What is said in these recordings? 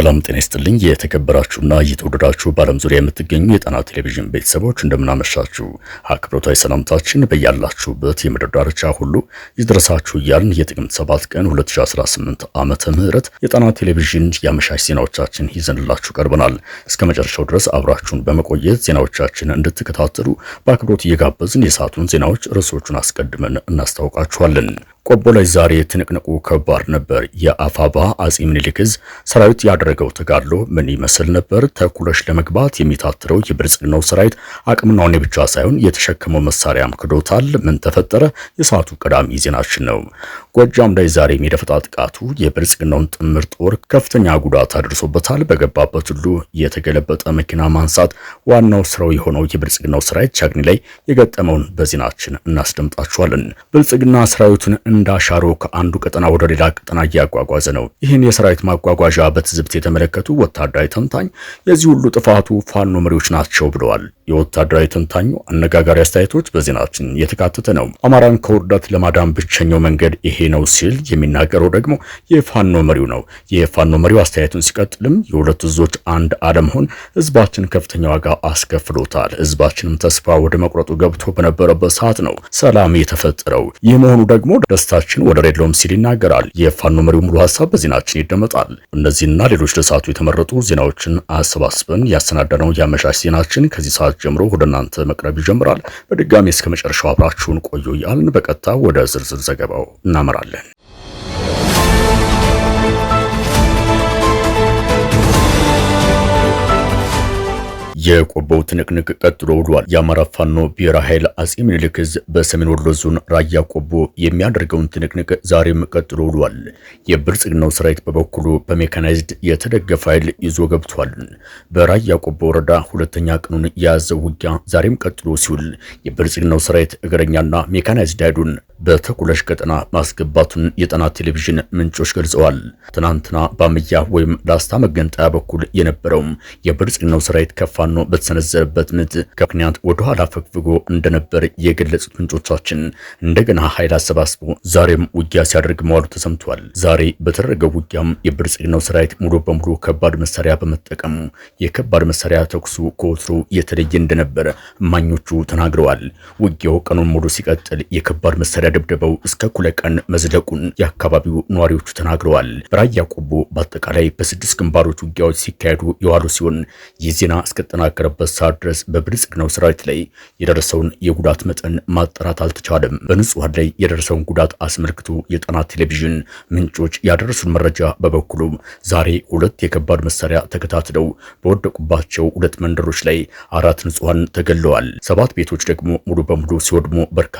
ሰላም ጤና ይስጥልኝ። የተከበራችሁና እየተወደዳችሁ በዓለም ዙሪያ የምትገኙ የጣና ቴሌቪዥን ቤተሰቦች እንደምናመሻችሁ፣ አክብሮታዊ ሰላምታችን በያላችሁበት የምድር ዳርቻ ሁሉ ይድረሳችሁ እያልን የጥቅምት 7 ቀን 2018 ዓመተ ምህረት የጣና ቴሌቪዥን የአመሻሽ ዜናዎቻችን ይዘንላችሁ ቀርበናል። እስከ መጨረሻው ድረስ አብራችሁን በመቆየት ዜናዎቻችን እንድትከታተሉ በአክብሮት እየጋበዝን የሰዓቱን ዜናዎች ርዕሶቹን አስቀድመን እናስታውቃችኋለን። ቆቦ ላይ ዛሬ ትንቅንቁ ከባድ ነበር። የአፋባ አጼ ምኒልክ ዕዝ ሰራዊት ያደረገው ተጋድሎ ምን ይመስል ነበር? ተኩለሽ ለመግባት የሚታትረው የብልጽግናው ሰራዊት አቅምናውን ብቻ ሳይሆን የተሸከመው መሳሪያም ክዶታል። ምን ተፈጠረ? የሰዓቱ ቀዳሚ ዜናችን ነው። ጎጃም ላይ ዛሬ የደፈጣ ጥቃቱ የብልጽግናውን ጥምር ጦር ከፍተኛ ጉዳት አድርሶበታል። በገባበት ሁሉ የተገለበጠ መኪና ማንሳት ዋናው ስራው የሆነው የብልጽግናው ሰራዊት ቻግኒ ላይ የገጠመውን በዜናችን እናስደምጣችኋለን። ብልጽግና ሰራዊቱን እንደ አሻሮ ከአንዱ ቀጠና ወደ ሌላ ቀጠና እያጓጓዘ ነው። ይህን የሰራዊት ማጓጓዣ በትዝብት የተመለከቱ ወታደራዊ ተንታኝ የዚህ ሁሉ ጥፋቱ ፋኖ መሪዎች ናቸው ብለዋል። የወታደራዊ ተንታኙ አነጋጋሪ አስተያየቶች በዜናችን የተካተተ ነው። አማራን ከውርደት ለማዳን ብቸኛው መንገድ ይሄ ነው ሲል የሚናገረው ደግሞ የፋኖ መሪው ነው። የፋኖ መሪው አስተያየቱን ሲቀጥልም የሁለት እዞች አንድ አለመሆን ህዝባችን ከፍተኛ ዋጋ አስከፍሎታል። ህዝባችንም ተስፋ ወደ መቁረጡ ገብቶ በነበረበት ሰዓት ነው ሰላም የተፈጠረው። ይህ መሆኑ ደግሞ ደስታችን ወደር የለውም ሲል ይናገራል። የፋኖ መሪው ሙሉ ሀሳብ በዜናችን ይደመጣል። እነዚህና ሌሎች ለሰዓቱ የተመረጡ ዜናዎችን አሰባስበን ያሰናዳነው የአመሻሽ ዜናችን ከዚህ ሰዓት ጀምሮ ወደ እናንተ መቅረብ ይጀምራል። በድጋሚ እስከ መጨረሻው አብራችሁን ቆዩ እያልን በቀጥታ ወደ ዝርዝር ዘገባው እናመራለን። የቆቦው ትንቅንቅ ቀጥሎ ውሏል። የአማራ ፋኖ ብሔራዊ ኃይል አጼ ምኒልክ ዕዝ በሰሜን ወሎ ዞን ራያ ቆቦ የሚያደርገውን ትንቅንቅ ዛሬም ቀጥሎ ውሏል። የብልጽግናው ሰራዊት በበኩሉ በሜካናይዝድ የተደገፈ ኃይል ይዞ ገብቷል። በራያ ቆቦ ወረዳ ሁለተኛ ቀኑን የያዘው ውጊያ ዛሬም ቀጥሎ ሲውል የብልጽግናው ሰራዊት እግረኛና ሜካናይዝድ ኃይሉን በተኩለሽ ቀጠና ማስገባቱን የጣና ቴሌቪዥን ምንጮች ገልጸዋል። ትናንትና በአምያ ወይም ላስታ መገንጠያ በኩል የነበረው የብልጽግናው ሰራዊት ከፋኖ በተሰነዘረበት ምት ከምክንያት ወደ ኋላ ፈግፍጎ እንደነበር የገለጹት ምንጮቻችን እንደገና ኃይል አሰባስቦ ዛሬም ውጊያ ሲያደርግ መዋሉ ተሰምቷል። ዛሬ በተደረገው ውጊያም የብልጽግናው ሰራዊት ሙሉ በሙሉ ከባድ መሳሪያ በመጠቀሙ የከባድ መሳሪያ ተኩሱ ከወትሮ የተለየ እንደነበር እማኞቹ ተናግረዋል። ውጊያው ቀኑን ሙሉ ሲቀጥል የከባድ መሳሪያ ድብደባው እስከ እኩለ ቀን መዝለቁን የአካባቢው ነዋሪዎቹ ተናግረዋል። በራያ ቆቦ በአጠቃላይ በስድስት ግንባሮች ውጊያዎች ሲካሄዱ የዋሉ ሲሆን ይህ ዜና እስከጠናከረበት ሰዓት ድረስ በብልጽግናው ሰራዊት ላይ የደረሰውን የጉዳት መጠን ማጣራት አልተቻለም። በንጹሐን ላይ የደረሰውን ጉዳት አስመልክቶ የጣና ቴሌቪዥን ምንጮች ያደረሱን መረጃ በበኩሉ ዛሬ ሁለት የከባድ መሳሪያ ተከታትለው በወደቁባቸው ሁለት መንደሮች ላይ አራት ንጹሐን ተገለዋል። ሰባት ቤቶች ደግሞ ሙሉ በሙሉ ሲወድሙ በርካታ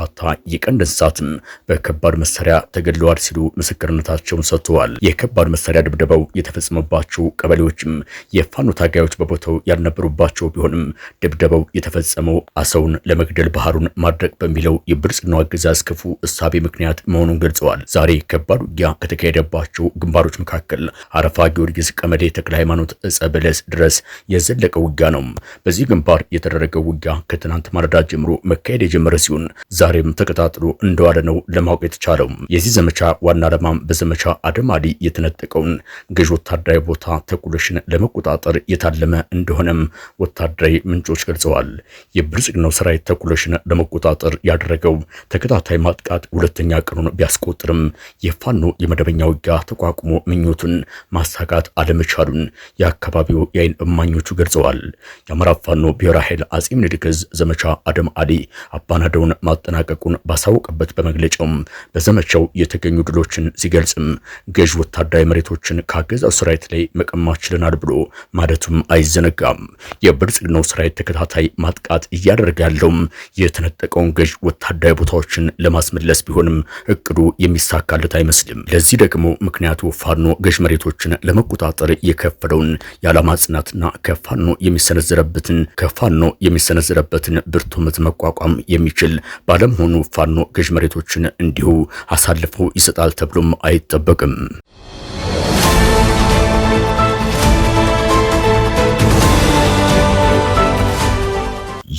የቀንድ እንስሳት አባላትም በከባድ መሳሪያ ተገድለዋል ሲሉ ምስክርነታቸውን ሰጥተዋል። የከባድ መሳሪያ ድብደባው የተፈጸመባቸው ቀበሌዎችም የፋኖ ታጋዮች በቦታው ያልነበሩባቸው ቢሆንም ድብደባው የተፈጸመው አሰውን ለመግደል ባህሩን ማድረቅ በሚለው የብልጽግናው አገዛዝ ክፉ እሳቤ ምክንያት መሆኑን ገልጸዋል። ዛሬ ከባድ ውጊያ ከተካሄደባቸው ግንባሮች መካከል አረፋ ጊዮርጊስ፣ ቀመዴ ተክለ ሃይማኖት፣ እጸ በለስ ድረስ የዘለቀ ውጊያ ነው። በዚህ ግንባር የተደረገው ውጊያ ከትናንት ማለዳ ጀምሮ መካሄድ የጀመረ ሲሆን ዛሬም ተቀጣጥሎ እንደ እንደዋለ ነው ለማወቅ የተቻለው። የዚህ ዘመቻ ዋና ዓላማም በዘመቻ አደማሊ የተነጠቀውን ገዥ ወታደራዊ ቦታ ተኩለሽን ለመቆጣጠር የታለመ እንደሆነም ወታደራዊ ምንጮች ገልጸዋል። የብልጽግናው ሰራዊት ተኩለሽን ለመቆጣጠር ያደረገው ተከታታይ ማጥቃት ሁለተኛ ቀኑን ቢያስቆጥርም የፋኖ የመደበኛ ውጊያ ተቋቁሞ ምኞቱን ማሳካት አለመቻሉን የአካባቢው የአይን እማኞቹ ገልጸዋል። የአማራ ፋኖ ብሔራዊ ኃይል አጼ ምኒልክ ዘመቻ አደም አሊ አባናደውን ማጠናቀቁን ባሳወቀበት በመግለጫውም በዘመቻው የተገኙ ድሎችን ሲገልጽም ገዥ ወታደራዊ መሬቶችን ከአገዛዙ ሰራዊት ላይ መቀማት ችለናል ብሎ ማለቱም አይዘነጋም። የብልጽግናው ሰራዊት ተከታታይ ማጥቃት እያደረገ ያለውም የተነጠቀውን ገዥ ወታደራዊ ቦታዎችን ለማስመለስ ቢሆንም እቅዱ የሚሳካለት አይመስልም። ለዚህ ደግሞ ምክንያቱ ፋኖ ገዥ መሬቶችን ለመቆጣጠር የከፈለውን የዓላማ ጽናትና ከፋኖ የሚሰነዘረበትን ከፋኖ የሚሰነዘረበትን ብርቱ ምት መቋቋም የሚችል ባለመሆኑ ፋኖ ገዥ መሬት አስተያየቶችን እንዲሁ አሳልፎ ይሰጣል ተብሎም አይጠበቅም።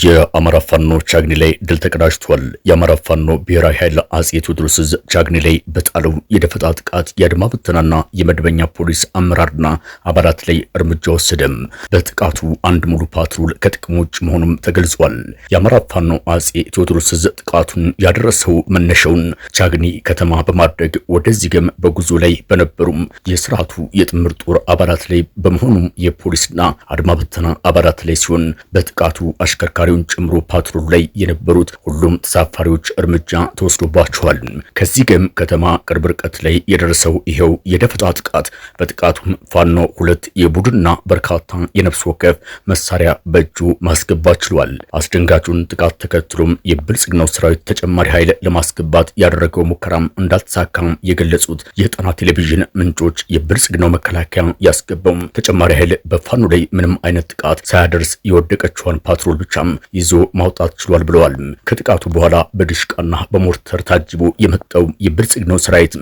የአማራ ፋኖ ቻግኒ ላይ ድል ተቀዳጅቷል። የአማራ ፋኖ ብሔራዊ ኃይል አጼ ቴዎድሮስ ዕዝ ቻግኒ ላይ በጣለው የደፈጣ ጥቃት የአድማ ብተናና የመደበኛ ፖሊስ አመራርና አባላት ላይ እርምጃ ወሰደም። በጥቃቱ አንድ ሙሉ ፓትሮል ከጥቅም ውጭ መሆኑም ተገልጿል። የአማራ ፋኖ አጼ ቴዎድሮስ ዕዝ ጥቃቱን ያደረሰው መነሻውን ቻግኒ ከተማ በማድረግ ወደዚህ ገም በጉዞ ላይ በነበሩም የስርዓቱ የጥምር ጦር አባላት ላይ በመሆኑም የፖሊስና አድማ ብተና አባላት ላይ ሲሆን በጥቃቱ አሽከርካሪ ተሳፋሪውን ጨምሮ ፓትሮል ላይ የነበሩት ሁሉም ተሳፋሪዎች እርምጃ ተወስዶባቸዋል። ከዚህ ገም ከተማ ቅርብ ርቀት ላይ የደረሰው ይሄው የደፈጣ ጥቃት በጥቃቱም ፋኖ ሁለት የቡድንና በርካታ የነፍስ ወከፍ መሳሪያ በእጁ ማስገባት ችሏል። አስደንጋጩን ጥቃት ተከትሎም የብልጽግናው ሰራዊት ተጨማሪ ኃይል ለማስገባት ያደረገው ሙከራም እንዳልተሳካም የገለጹት የጣና ቴሌቪዥን ምንጮች የብልጽግናው መከላከያ ያስገባው ተጨማሪ ኃይል በፋኖ ላይ ምንም አይነት ጥቃት ሳያደርስ የወደቀችዋን ፓትሮል ብቻም ይዞ ማውጣት ችሏል ብለዋል። ከጥቃቱ በኋላ በድሽቃና በሞርተር ታጅቦ የመጣው የብልጽግናው ሰራዊት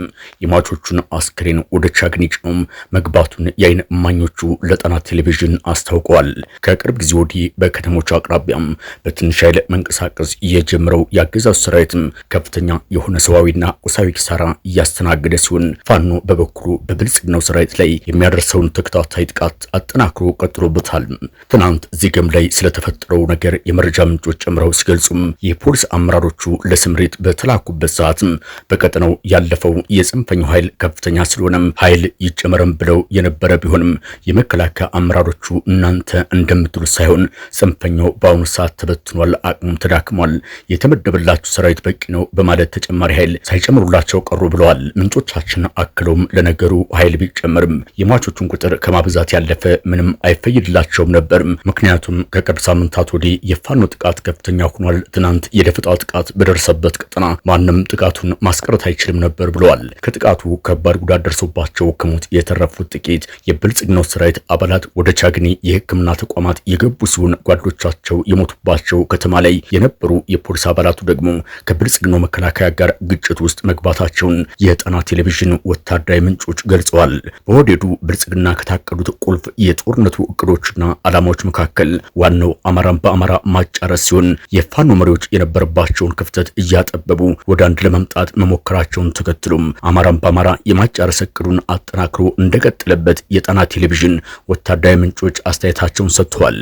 የሟቾቹን አስክሬን ወደ ቻግኒ ጭኖ መግባቱን የአይን እማኞቹ ለጣና ቴሌቪዥን አስታውቀዋል። ከቅርብ ጊዜ ወዲህ በከተሞቹ አቅራቢያም በትንሽ ኃይል መንቀሳቀስ የጀመረው የአገዛዙ ሰራዊትም ከፍተኛ የሆነ ሰዋዊና ቁሳዊ ኪሳራ እያስተናገደ ሲሆን፣ ፋኖ በበኩሉ በብልጽግናው ሰራዊት ላይ የሚያደርሰውን ተከታታይ ጥቃት አጠናክሮ ቀጥሎበታል። ትናንት ዚገም ላይ ስለተፈጠረው ነገር የመረጃ ምንጮች ጨምረው ሲገልጹም የፖሊስ አመራሮቹ ለስምሪት በተላኩበት ሰዓትም በቀጠናው ያለፈው የጽንፈኛው ኃይል ከፍተኛ ስለሆነም ኃይል ይጨመረም ብለው የነበረ ቢሆንም የመከላከያ አመራሮቹ እናንተ እንደምትሉ ሳይሆን ጽንፈኛው በአሁኑ ሰዓት ተበትኗል፣ አቅሙም ተዳክሟል፣ የተመደበላችሁ ሰራዊት በቂ ነው በማለት ተጨማሪ ኃይል ሳይጨምሩላቸው ቀሩ ብለዋል። ምንጮቻችን አክለውም ለነገሩ ኃይል ቢጨመርም የሟቾቹን ቁጥር ከማብዛት ያለፈ ምንም አይፈይድላቸውም ነበርም። ምክንያቱም ከቅርብ ሳምንታት ወዲህ የፋኖ ጥቃት ከፍተኛ ሆኗል። ትናንት የደፈጣ ጥቃት በደረሰበት ቀጠና ማንም ጥቃቱን ማስቀረት አይችልም ነበር ብለዋል። ከጥቃቱ ከባድ ጉዳት ደርሶባቸው ከሞት የተረፉት ጥቂት የብልጽግናው ሰራዊት አባላት ወደ ቻግኒ የሕክምና ተቋማት የገቡ ሲሆን ጓዶቻቸው የሞቱባቸው ከተማ ላይ የነበሩ የፖሊስ አባላቱ ደግሞ ከብልጽግናው መከላከያ ጋር ግጭት ውስጥ መግባታቸውን የጣና ቴሌቪዥን ወታደራዊ ምንጮች ገልጸዋል። በወደዱ ብልጽግና ከታቀዱት ቁልፍ የጦርነቱ እቅዶችና ዓላማዎች መካከል ዋናው አማራን በአማራ ማጫረስ ሲሆን የፋኖ መሪዎች የነበረባቸውን ክፍተት እያጠበቡ ወደ አንድ ለመምጣት መሞከራቸውን ተከትሎም አማራም በአማራ የማጫረስ እቅዱን አጠናክሮ እንደቀጠለበት የጣና ቴሌቪዥን ወታደራዊ ምንጮች አስተያየታቸውን ሰጥተዋል።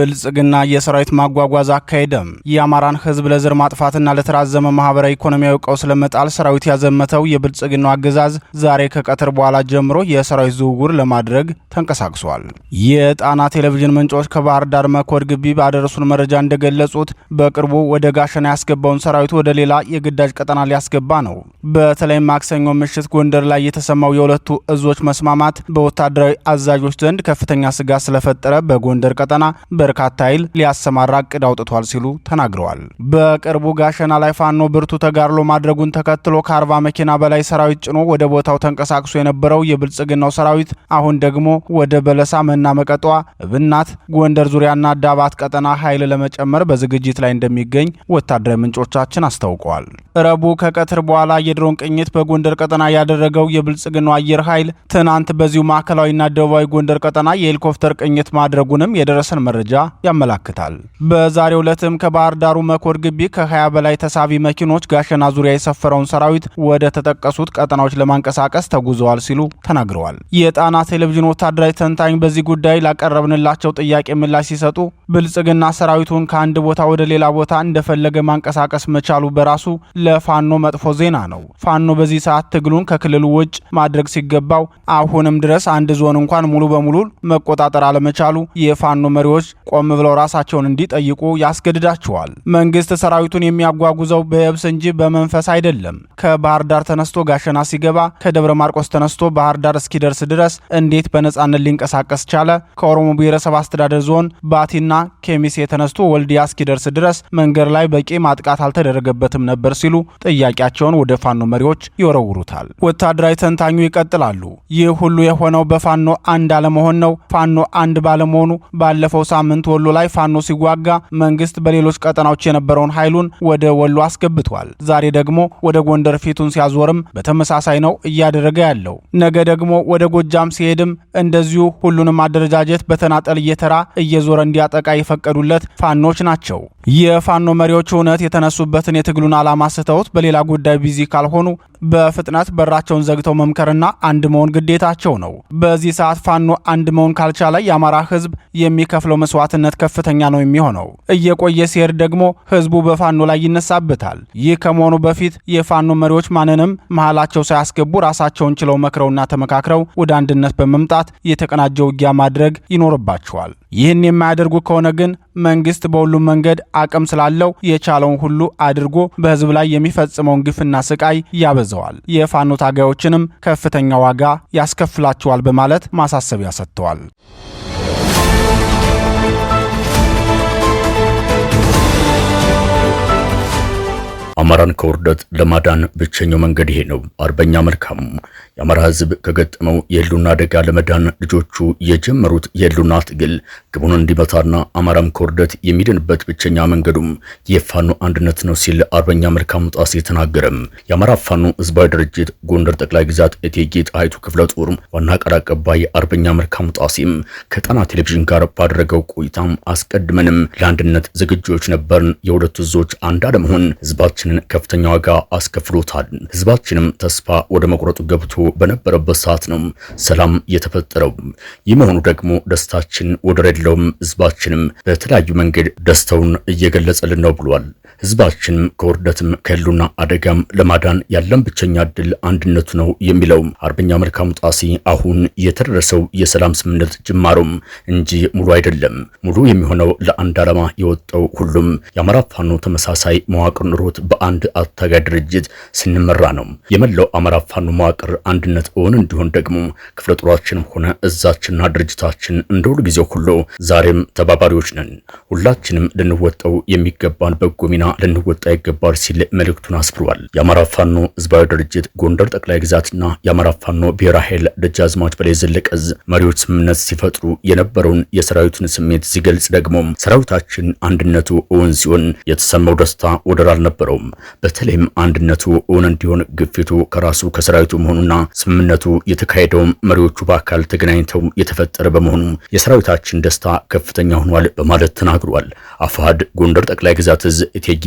ብልጽግና የሰራዊት ማጓጓዝ አካሄደም። የአማራን ህዝብ ለዘር ማጥፋትና ለተራዘመ ማህበራዊ ኢኮኖሚያዊ ቀውስ ለመጣል ሰራዊት ያዘመተው የብልጽግናው አገዛዝ ዛሬ ከቀትር በኋላ ጀምሮ የሰራዊት ዝውውር ለማድረግ ተንቀሳቅሷል። የጣና ቴሌቪዥን ምንጮች ከባህር ዳር መኮድ ግቢ ባደረሱን መረጃ እንደገለጹት በቅርቡ ወደ ጋሸና ያስገባውን ሰራዊት ወደ ሌላ የግዳጅ ቀጠና ሊያስገባ ነው። በተለይም ማክሰኞ ምሽት ጎንደር ላይ የተሰማው የሁለቱ እዞች መስማማት በወታደራዊ አዛዦች ዘንድ ከፍተኛ ስጋት ስለፈጠረ በጎንደር ቀጠና በርካታ ኃይል ሊያሰማራ እቅድ አውጥቷል ሲሉ ተናግረዋል። በቅርቡ ጋሸና ላይ ፋኖ ብርቱ ተጋድሎ ማድረጉን ተከትሎ ከአርባ መኪና በላይ ሰራዊት ጭኖ ወደ ቦታው ተንቀሳቅሶ የነበረው የብልጽግናው ሰራዊት አሁን ደግሞ ወደ በለሳ መና መቀጧ፣ እብናት፣ ጎንደር ዙሪያና ዳባት ቀጠና ኃይል ለመጨመር በዝግጅት ላይ እንደሚገኝ ወታደራዊ ምንጮቻችን አስታውቀዋል። ረቡ ከቀትር በኋላ የድሮን ቅኝት በጎንደር ቀጠና ያደረገው የብልጽግናው አየር ኃይል ትናንት በዚሁ ማዕከላዊና ደቡባዊ ጎንደር ቀጠና የሄሊኮፕተር ቅኝት ማድረጉንም የደረሰን መረጃ መረጃ ያመላክታል። በዛሬው ዕለትም ከባህር ዳሩ መኮድ ግቢ ከ20 በላይ ተሳቢ መኪኖች ጋሸና ዙሪያ የሰፈረውን ሰራዊት ወደ ተጠቀሱት ቀጠናዎች ለማንቀሳቀስ ተጉዘዋል ሲሉ ተናግረዋል። የጣና ቴሌቪዥን ወታደራዊ ተንታኝ በዚህ ጉዳይ ላቀረብንላቸው ጥያቄ ምላሽ ሲሰጡ ብልጽግና ሰራዊቱን ከአንድ ቦታ ወደ ሌላ ቦታ እንደፈለገ ማንቀሳቀስ መቻሉ በራሱ ለፋኖ መጥፎ ዜና ነው። ፋኖ በዚህ ሰዓት ትግሉን ከክልሉ ውጭ ማድረግ ሲገባው አሁንም ድረስ አንድ ዞን እንኳን ሙሉ በሙሉ መቆጣጠር አለመቻሉ የፋኖ መሪዎች ቆም ብለው ራሳቸውን እንዲጠይቁ ያስገድዳቸዋል። መንግስት ሰራዊቱን የሚያጓጉዘው በየብስ እንጂ በመንፈስ አይደለም። ከባህር ዳር ተነስቶ ጋሸና ሲገባ፣ ከደብረ ማርቆስ ተነስቶ ባህር ዳር እስኪደርስ ድረስ እንዴት በነጻነት ሊንቀሳቀስ ቻለ? ከኦሮሞ ብሔረሰብ አስተዳደር ዞን ባቲና ኬሚሴ ተነስቶ ወልዲያ እስኪደርስ ድረስ መንገድ ላይ በቂ ማጥቃት አልተደረገበትም ነበር ሲሉ ጥያቄያቸውን ወደ ፋኖ መሪዎች ይወረውሩታል። ወታደራዊ ተንታኙ ይቀጥላሉ። ይህ ሁሉ የሆነው በፋኖ አንድ አለመሆን ነው። ፋኖ አንድ ባለመሆኑ ባለፈው ሳምንት ሳምንት ወሎ ላይ ፋኖ ሲዋጋ መንግስት በሌሎች ቀጠናዎች የነበረውን ኃይሉን ወደ ወሎ አስገብቷል። ዛሬ ደግሞ ወደ ጎንደር ፊቱን ሲያዞርም በተመሳሳይ ነው እያደረገ ያለው። ነገ ደግሞ ወደ ጎጃም ሲሄድም እንደዚሁ ሁሉንም አደረጃጀት በተናጠል እየተራ እየዞረ እንዲያጠቃ የፈቀዱለት ፋኖች ናቸው። የፋኖ መሪዎች እውነት የተነሱበትን የትግሉን ዓላማ ስተውት በሌላ ጉዳይ ቢዚ ካልሆኑ በፍጥነት በራቸውን ዘግተው መምከርና አንድ መሆን ግዴታቸው ነው። በዚህ ሰዓት ፋኖ አንድ መሆን ካልቻለ የአማራ ህዝብ የሚከፍለው መስዋዕትነት ከፍተኛ ነው የሚሆነው። እየቆየ ሲሄድ ደግሞ ህዝቡ በፋኖ ላይ ይነሳበታል። ይህ ከመሆኑ በፊት የፋኖ መሪዎች ማንንም መሃላቸው ሳያስገቡ ራሳቸውን ችለው መክረውና ተመካክረው ወደ አንድነት በመምጣት የተቀናጀ ውጊያ ማድረግ ይኖርባቸዋል። ይህን የማያደርጉ ከሆነ ግን መንግስት በሁሉም መንገድ አቅም ስላለው የቻለውን ሁሉ አድርጎ በህዝብ ላይ የሚፈጽመውን ግፍና ስቃይ ያበዛል። አውግዘዋል። የፋኖ ታጋዮችንም ከፍተኛ ዋጋ ያስከፍላቸዋል በማለት ማሳሰቢያ ሰጥተዋል። አማራን ከውርደት ለማዳን ብቸኛው መንገድ ይሄ ነው። አርበኛ መልካሙ የአማራ ህዝብ ከገጠመው የህልውና አደጋ ለመዳን ልጆቹ የጀመሩት የህልውና ትግል ግቡን እንዲመታና አማራም ከውርደት የሚድንበት ብቸኛ መንገዱም የፋኖ አንድነት ነው ሲል አርበኛ መልካም ጣሴ ተናገረም። የአማራ ፋኖ ህዝባዊ ድርጅት ጎንደር ጠቅላይ ግዛት እቴጌ ጣይቱ ክፍለ ጦር ዋና ቃል አቀባይ አርበኛ መልካም ጣሴም ከጣና ቴሌቪዥን ጋር ባደረገው ቆይታም አስቀድመንም ለአንድነት ዝግጆች ነበርን። የሁለቱ እዞች አንድ አለመሆን ህዝባችን ህዝባችንን ከፍተኛ ዋጋ አስከፍሎታል። ህዝባችንም ተስፋ ወደ መቁረጡ ገብቶ በነበረበት ሰዓት ነው ሰላም የተፈጠረው። ይህ መሆኑ ደግሞ ደስታችን ወደር የለውም። ህዝባችንም በተለያዩ መንገድ ደስታውን እየገለጸልን ነው ብሏል። ህዝባችንም ከውርደትም ከህሉና አደጋም ለማዳን ያለን ብቸኛ እድል አንድነቱ ነው የሚለው አርበኛ መልካሙ ጣሴ አሁን የተደረሰው የሰላም ስምምነት ጅማሮም እንጂ ሙሉ አይደለም። ሙሉ የሚሆነው ለአንድ ዓላማ የወጣው ሁሉም የአማራ ፋኖ ተመሳሳይ መዋቅር ኑሮት በአንድ አታጋይ ድርጅት ስንመራ ነው። የመላው አማራ ፋኖ መዋቅር አንድነት እውን እንዲሆን ደግሞ ክፍለ ጦራችንም ሆነ እዛችንና ድርጅታችን እንደ ሁል ጊዜው ሁሉ ዛሬም ተባባሪዎች ነን። ሁላችንም ልንወጣው የሚገባን በጎ ሚና ልንወጣ ይገባል ሲል መልእክቱን አስፍሯል። የአማራ ፋኖ ህዝባዊ ድርጅት ጎንደር ጠቅላይ ግዛትና የአማራ ፋኖ ብሔራዊ ኃይል ደጃዝማች በላይ ዘለቀ መሪዎች ስምምነት ሲፈጥሩ የነበረውን የሰራዊቱን ስሜት ሲገልጽ ደግሞ ሰራዊታችን አንድነቱ እውን ሲሆን የተሰማው ደስታ ወደር አልነበረውም። በተለይም አንድነቱ እውን እንዲሆን ግፊቱ ከራሱ ከሰራዊቱ መሆኑና ስምምነቱ የተካሄደውም መሪዎቹ በአካል ተገናኝተው የተፈጠረ በመሆኑ የሰራዊታችን ደስታ ከፍተኛ ሆኗል በማለት ተናግሯል። አፋሕድ ጎንደር ጠቅላይ ግዛት እዝ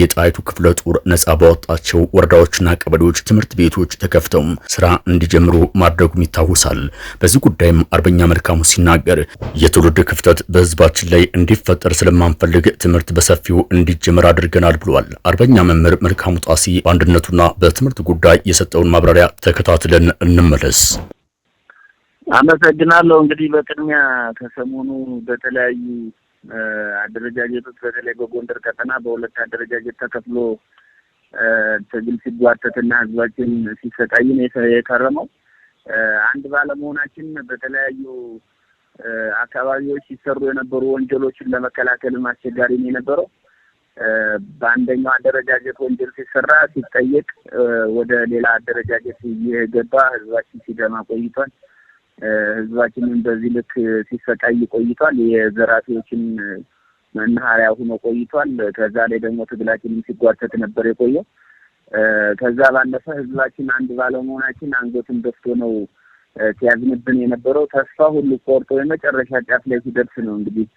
የጣይቱ ክፍለ ጦር ነጻ ባወጣቸው ወረዳዎችና ቀበሌዎች ትምህርት ቤቶች ተከፍተው ስራ እንዲጀምሩ ማድረጉም ይታወሳል። በዚህ ጉዳይም አርበኛ መልካሙ ሲናገር የትውልድ ክፍተት በህዝባችን ላይ እንዲፈጠር ስለማንፈልግ ትምህርት በሰፊው እንዲጀምር አድርገናል ብሏል። አርበኛ መምህር መልካሙ ጣሲ በአንድነቱና በትምህርት ጉዳይ የሰጠውን ማብራሪያ ተከታትለን እንመለስ። አመሰግናለሁ። እንግዲህ በቅድሚያ ከሰሞኑ በተለያዩ አደረጃጀቶች በተለይ በጎንደር ቀጠና በሁለት አደረጃጀት ተከፍሎ ትግል ሲጓተትና ህዝባችን ሲሰቃይ ነው የከረመው። አንድ ባለመሆናችን በተለያዩ አካባቢዎች ሲሰሩ የነበሩ ወንጀሎችን ለመከላከልም አስቸጋሪ ነው የነበረው። በአንደኛው አደረጃጀት ወንጀል ሲሰራ ሲጠየቅ፣ ወደ ሌላ አደረጃጀት እየገባ ህዝባችን ሲደማ ቆይቷል። ህዝባችንን በዚህ ልክ ሲሰቃይ ቆይቷል። የዘራፊዎችን መናኸሪያ ሁኖ ቆይቷል። ከዛ ላይ ደግሞ ትግላችንም ሲጓተት ነበር የቆየው። ከዛ ባለፈ ህዝባችን አንድ ባለመሆናችን አንገትን ደፍቶ ነው ሲያዝንብን የነበረው። ተስፋ ሁሉ ቆርጦ የመጨረሻ ጫፍ ላይ ሲደርስ ነው እንግዲህ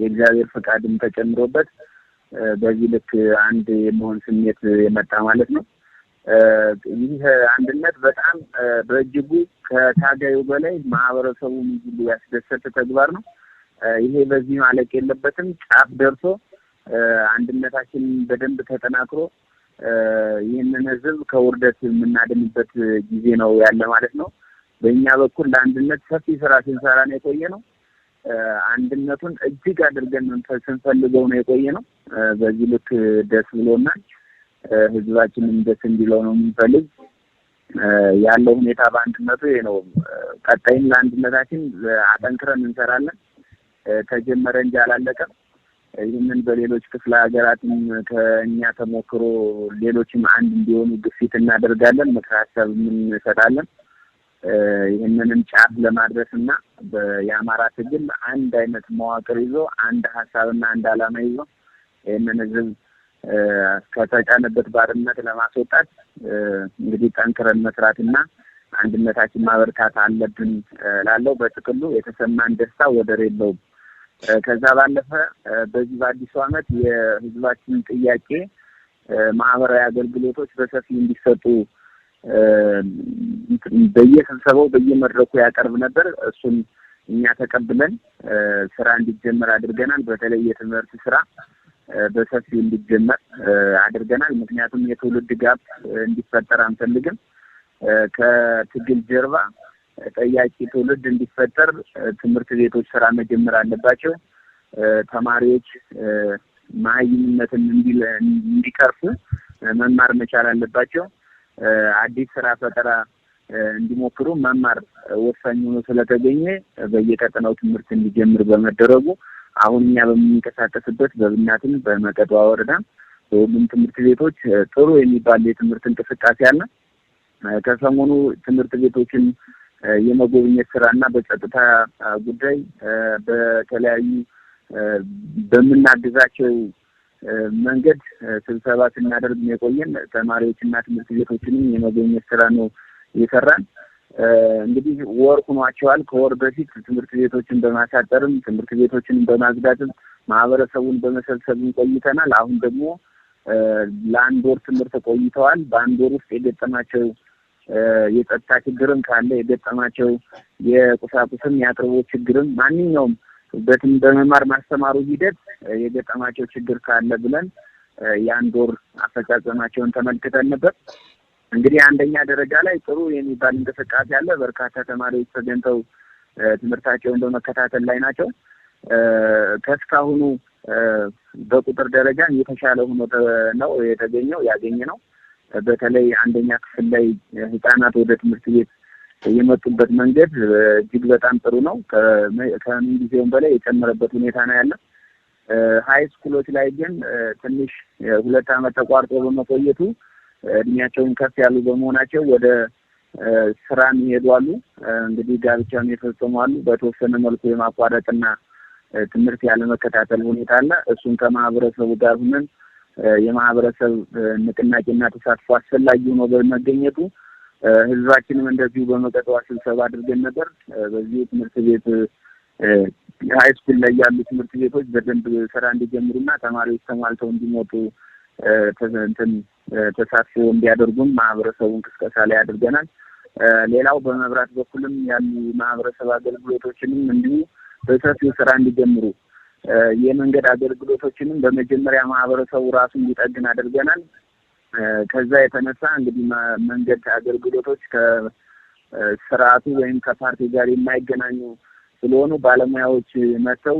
የእግዚአብሔር ፈቃድም ተጨምሮበት በዚህ ልክ አንድ የመሆን ስሜት የመጣ ማለት ነው። ይህ አንድነት በጣም በእጅጉ ከታጋዩ በላይ ማህበረሰቡን ሁሉ ያስደሰተ ተግባር ነው። ይሄ በዚህ ማለቅ የለበትም። ጫፍ ደርሶ አንድነታችን በደንብ ተጠናክሮ ይህንን ህዝብ ከውርደት የምናድንበት ጊዜ ነው ያለ ማለት ነው። በእኛ በኩል ለአንድነት ሰፊ ስራ ስንሰራ ነው የቆየ ነው። አንድነቱን እጅግ አድርገን ስንፈልገው ነው የቆየ ነው። በዚህ ልክ ደስ ብሎናል። ህዝባችንም ደስ እንዲለው ነው የምንፈልግ። ያለው ሁኔታ በአንድነቱ ይሄ ነው። ቀጣይም ለአንድነታችን አጠንክረን እንሰራለን። ተጀመረ እንጂ አላለቀም። ይህንን በሌሎች ክፍለ ሀገራትም ከእኛ ተሞክሮ ሌሎችም አንድ እንዲሆኑ ግፊት እናደርጋለን፣ ምክር ሀሳብ እንሰጣለን። ይህንንም ጫፍ ለማድረስ እና የአማራ ትግል አንድ አይነት መዋቅር ይዞ አንድ ሀሳብና አንድ አላማ ይዞ ይህንን ህዝብ ከተጫነበት ባርነት ለማስወጣት እንግዲህ ጠንክረን መስራትና አንድነታችን ማበርታት አለብን። ላለው በጥቅሉ የተሰማን ደስታ ወደር የለውም። ከዛ ባለፈ በዚህ በአዲሱ ዓመት የህዝባችን ጥያቄ ማህበራዊ አገልግሎቶች በሰፊ እንዲሰጡ በየስብሰባው በየመድረኩ ያቀርብ ነበር። እሱን እኛ ተቀብለን ስራ እንዲጀመር አድርገናል። በተለይ የትምህርት ስራ በሰፊው እንዲጀመር አድርገናል። ምክንያቱም የትውልድ ጋፕ እንዲፈጠር አንፈልግም። ከትግል ጀርባ ጠያቂ ትውልድ እንዲፈጠር ትምህርት ቤቶች ስራ መጀመር አለባቸው። ተማሪዎች መሀይምነትን እንዲቀርፉ መማር መቻል አለባቸው። አዲስ ስራ ፈጠራ እንዲሞክሩ መማር ወሳኝ ሆኖ ስለተገኘ በየቀጠናው ትምህርት እንዲጀምር በመደረጉ አሁን እኛ በምንንቀሳቀስበት በብናትም በመቀጧ ወረዳ በሁሉም ትምህርት ቤቶች ጥሩ የሚባል የትምህርት እንቅስቃሴ አለ። ከሰሞኑ ትምህርት ቤቶችን የመጎብኘት ስራ እና በጸጥታ ጉዳይ በተለያዩ በምናግዛቸው መንገድ ስብሰባ ስናደርግ የቆየን ተማሪዎችና ትምህርት ቤቶችንም የመጎብኘት ስራ ነው የሰራን። እንግዲህ ወር ሁኗቸዋል ከወር በፊት ትምህርት ቤቶችን በማሳጠርም ትምህርት ቤቶችንም በማዝጋትም ማህበረሰቡን በመሰብሰብም ቆይተናል። አሁን ደግሞ ለአንድ ወር ትምህርት ቆይተዋል። በአንድ ወር ውስጥ የገጠማቸው የጸጥታ ችግርም ካለ የገጠማቸው የቁሳቁስም የአቅርቦት ችግርም ማንኛውም በትም በመማር ማስተማሩ ሂደት የገጠማቸው ችግር ካለ ብለን የአንድ ወር አፈጻጸማቸውን ተመልክተን ነበር። እንግዲህ አንደኛ ደረጃ ላይ ጥሩ የሚባል እንቅስቃሴ አለ። በርካታ ተማሪዎች ተገኝተው ትምህርታቸውን በመከታተል ላይ ናቸው። ከእስካሁኑ በቁጥር ደረጃ የተሻለ ሆኖ ነው የተገኘው ያገኘ ነው። በተለይ አንደኛ ክፍል ላይ ህጻናት ወደ ትምህርት ቤት የመጡበት መንገድ እጅግ በጣም ጥሩ ነው። ከምን ጊዜውም በላይ የጨመረበት ሁኔታ ነው ያለ። ሀይ ስኩሎች ላይ ግን ትንሽ ሁለት ዓመት ተቋርጦ በመቆየቱ እድሜያቸውን ከፍ ያሉ በመሆናቸው ወደ ስራም የሚሄዱ አሉ። እንግዲህ ጋብቻም የፈጸሙ አሉ። በተወሰነ መልኩ የማቋረጥና ትምህርት ያለመከታተል ሁኔታ አለ። እሱን ከማህበረሰቡ ጋር ሆነን የማህበረሰብ ንቅናቄና ተሳትፎ አስፈላጊ ሆኖ በመገኘቱ ህዝባችንም እንደዚሁ በመቀጠዋ ስብሰባ አድርገን ነበር። በዚህ ትምህርት ቤት ሀይ ስኩል ላይ ያሉ ትምህርት ቤቶች በደንብ ስራ እንዲጀምሩና ተማሪዎች ተሟልተው እንዲመጡ እንትን ተሳትፎ እንዲያደርጉም ማህበረሰቡን ቅስቀሳ ላይ አድርገናል። ሌላው በመብራት በኩልም ያሉ ማህበረሰብ አገልግሎቶችንም እንዲሁ በሰፊው ስራ እንዲጀምሩ የመንገድ አገልግሎቶችንም በመጀመሪያ ማህበረሰቡ ራሱ እንዲጠግን አድርገናል። ከዛ የተነሳ እንግዲህ መንገድ አገልግሎቶች ከስርዓቱ ወይም ከፓርቲ ጋር የማይገናኙ ስለሆኑ ባለሙያዎች መጥተው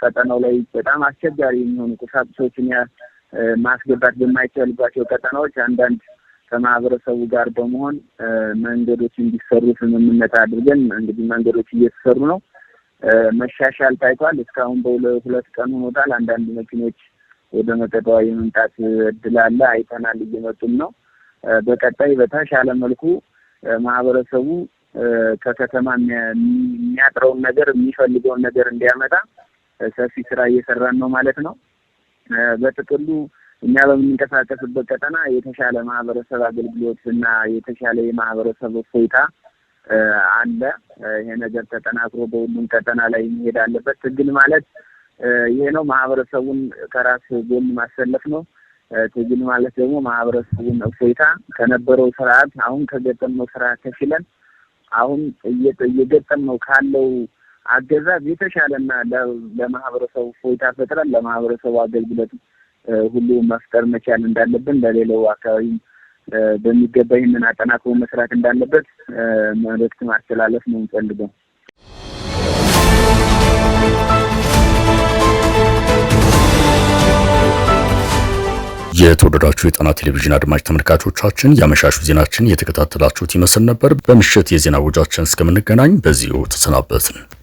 ቀጠናው ላይ በጣም አስቸጋሪ የሚሆኑ ቁሳቁሶችን ማስገባት በማይቻልባቸው ቀጠናዎች አንዳንድ ከማህበረሰቡ ጋር በመሆን መንገዶች እንዲሰሩ ስምምነት አድርገን እንግዲህ መንገዶች እየተሰሩ ነው። መሻሻል ታይቷል። እስካሁን በሁለት ቀን ሆኖታል። አንዳንድ መኪኖች ወደ መቀጠዋ የመምጣት እድል አለ፣ አይተናል። እየመጡም ነው። በቀጣይ በተሻለ መልኩ ማህበረሰቡ ከከተማ የሚያጥረውን ነገር የሚፈልገውን ነገር እንዲያመጣ ሰፊ ስራ እየሰራን ነው ማለት ነው። በጥቅሉ እኛ በምንንቀሳቀስበት ቀጠና የተሻለ ማህበረሰብ አገልግሎት እና የተሻለ የማህበረሰብ እፎይታ አለ። ይሄ ነገር ተጠናክሮ በሁሉም ቀጠና ላይ መሄድ አለበት። ትግል ማለት ይሄ ነው። ማህበረሰቡን ከራስ ጎን ማሰለፍ ነው። ትግል ማለት ደግሞ ማህበረሰቡን እፎይታ ከነበረው ስርዓት አሁን ከገጠመው ስርዓት ተሽለን አሁን እየገጠመው ካለው አገዛዝ የተሻለና ለማህበረሰቡ ፎይታ ፈጥረን ለማህበረሰቡ አገልግሎት ሁሉ መፍጠር መቻል እንዳለብን ለሌላው አካባቢ በሚገባ ይህንን አጠናክሮ መስራት እንዳለበት መልእክት ማስተላለፍ ነው እንፈልገው። የተወደዳችሁ የጣና ቴሌቪዥን አድማጭ ተመልካቾቻችን የአመሻሹ ዜናችን እየተከታተላችሁት ይመስል ነበር። በምሽት የዜና ውጃችን እስከምንገናኝ በዚሁ ተሰናበትን።